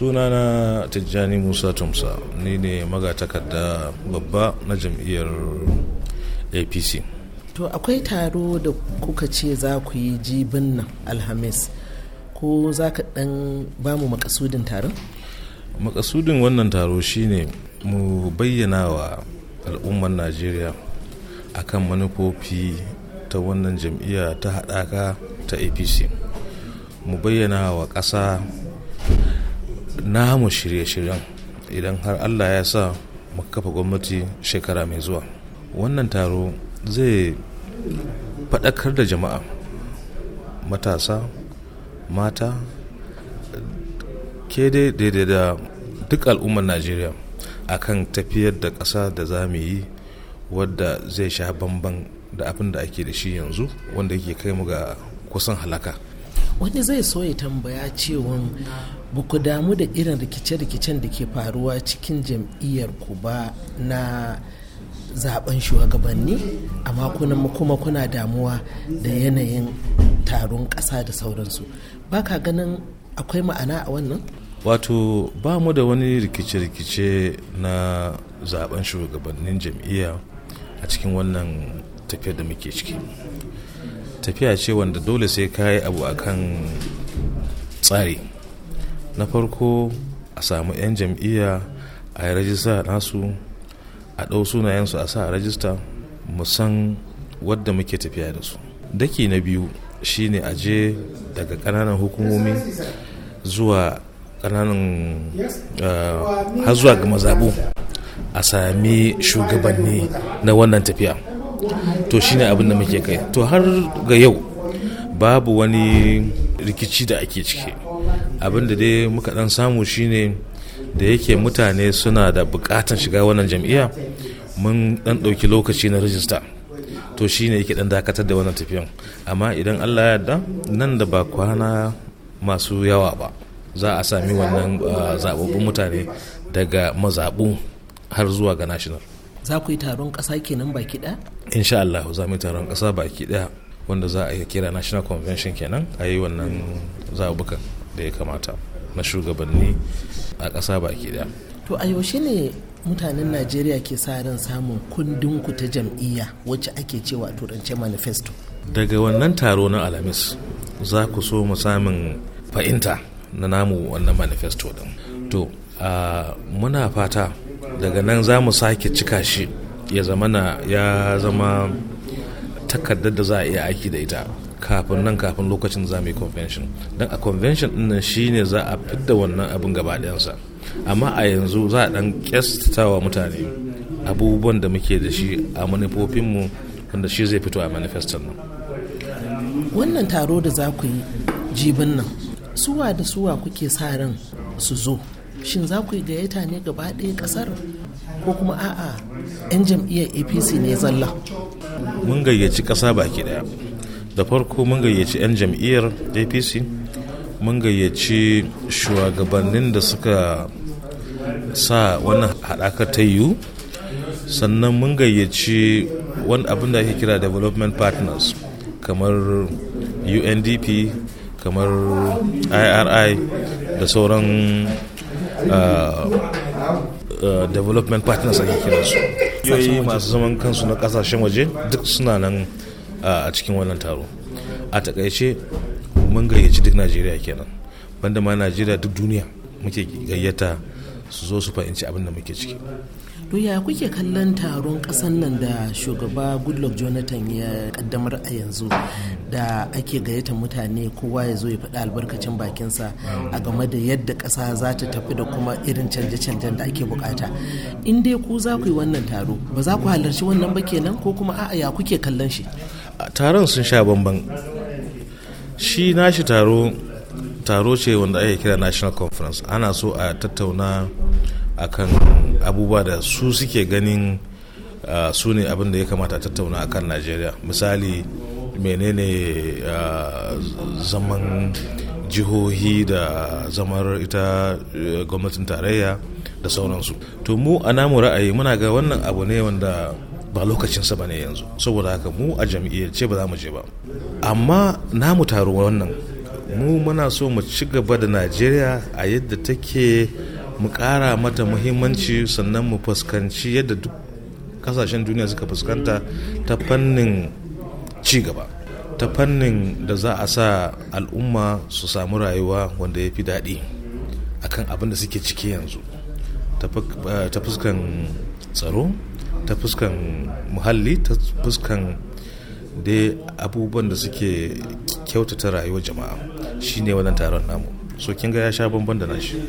sunana tijjani musa tumsa ni ne magatakarda babba na jam'iyyar apc to akwai taro da kuka ce za ku yi jibin nan alhamis ko za ka dan bamu makasudin taro. makasudin wannan taro shine mu bayyana wa al'ummar najeriya akan manufofi ta wannan jam'iyya ta hadaka ta apc mu bayyana wa ƙasa namu shirye-shiryen idan har allah ya sa mu kafa gwamnati shekara mai zuwa wannan taro zai faɗakar da jama'a matasa mata ke daidai da duk al'ummar najeriya akan tafiyar da ƙasa da za mu yi wadda zai sha bamban da abin da ake da shi yanzu wanda yake kai mu ga kusan halaka wani zai so ya tambaya cewa ba ku damu da irin rikice-rikicen da ke faruwa cikin jam'iyyar ku ba na zaben shugabanni amma kuma kuna damuwa da yanayin taron ƙasa da sauransu ba ka ganin akwai ma'ana a wannan wato ba mu da wani rikice-rikice na zaben shugabannin jam'iyya a cikin wannan tafiyar da muke ciki tafiya ce wanda dole sai ka yi abu a kan tsari na farko a samu 'yan jam'iyya a yi rajista nasu a ɗau sunayensu a sa a rajista mu san wadda muke tafiya da su daki na biyu shine a je daga ƙananan hukumomi zuwa ƙananan eh, har zuwa ga mazaɓu a sami shugabanni na wannan tafiya to shine abin da muke kai to har ga yau babu wani rikici da ake ciki abin da dai muka dan samu shine da yake mutane suna da bukatan shiga wannan jam'iyya mun dan ɗauki lokaci na rijista to shine yake dan dakatar da wannan tafiyan amma idan allah ya yarda nan da ba kwana masu yawa ba za a sami wannan ah, zaɓaɓɓun mutane daga mazaɓu har zuwa ga national za ku yi taron ƙasa kenan baki ɗaya? insha Allah za mu yi taron ƙasa baki ɗaya wanda za a kira national convention kenan a yi wannan zaɓukan da ya kamata na shugabanni a ƙasa baki ɗaya. to a yaushe ne mutanen najeriya ke sa ran samun kundin ku ta jam'iyya wacce ake cewa a turance manifesto daga wannan taro na alhamis za ku so mu samun fahimta na namu wannan manifesto din to muna fata daga nan za mu sake cika shi ya na ya zama takardar da za a iya aiki da ita kafin nan kafin lokacin za mu yi convention don a convention din nan shine za a fidda wannan abin gaba ɗayansa amma a yanzu za a ɗan wa mutane abubuwan da muke da shi a manufofinmu wanda shi zai fito a manifestan nan wannan taro da za ku yi jibin nan suwa da suwa kuke sa ran su zo shin za ku yi gayyata ne gaba ɗaya ƙasar ko kuma a'a 'yan jam'iyyar apc ne zalla mun gayyaci ƙasa baki ɗaya da farko mun gayyaci 'yan jam'iyyar apc mun gayyaci shugabannin da suka sa wannan haɗakar ta yiwu sannan mun gayyaci wani abin da ake kira development partners kamar undp kamar iri da sauran Uh, uh, development partners ake kiransu yoyi masu zaman kansu na kasashen waje duk suna nan uh, a cikin wannan taro a takaice mun gayyaci duk najeriya kenan banda ma najeriya duk duniya muke gayyata su zo su fahimci abin da muke ciki to ya kuke kallon taron kasan nan da shugaba goodluck jonathan ya kaddamar a yanzu da ake gayyata mutane kowa ya zo ya faɗi albarkacin bakinsa a game da yadda ƙasa za ta tafi da kuma irin canje-canjen da ake bukata in dai ku za ku yi wannan taro ba za ku halarci wannan ba kenan ko kuma a'a ya kuke kallon shi taron sun sha bamban shi nashi taro taro ce wanda ake kira national conference ana so a tattauna akan abubuwa da su suke ganin su ne abin da ya kamata tattauna a kan najeriya misali menene zaman jihohi da zamar ita e, gwamnatin tarayya da sauransu to mu a namu ra'ayi muna ga wannan abu ne wanda ba lokacinsa ba ne yanzu saboda haka mu a ce ba za mu je ba amma namu taro wannan mu muna so mu ci gaba da najeriya a yadda take mu ƙara mata muhimmanci sannan mu fuskanci yadda duk kasashen duniya suka fuskanta ta fannin ci gaba ta fannin da za a sa al'umma su samu rayuwa wanda ya fi daɗi akan abin da suke ciki yanzu eh, ta fuskan tsaro ta fuskan muhalli ta fuskan da abubuwan da suke kyautata rayuwar jama'a shine wannan taron namu so kin ga ya sha bambam da nashi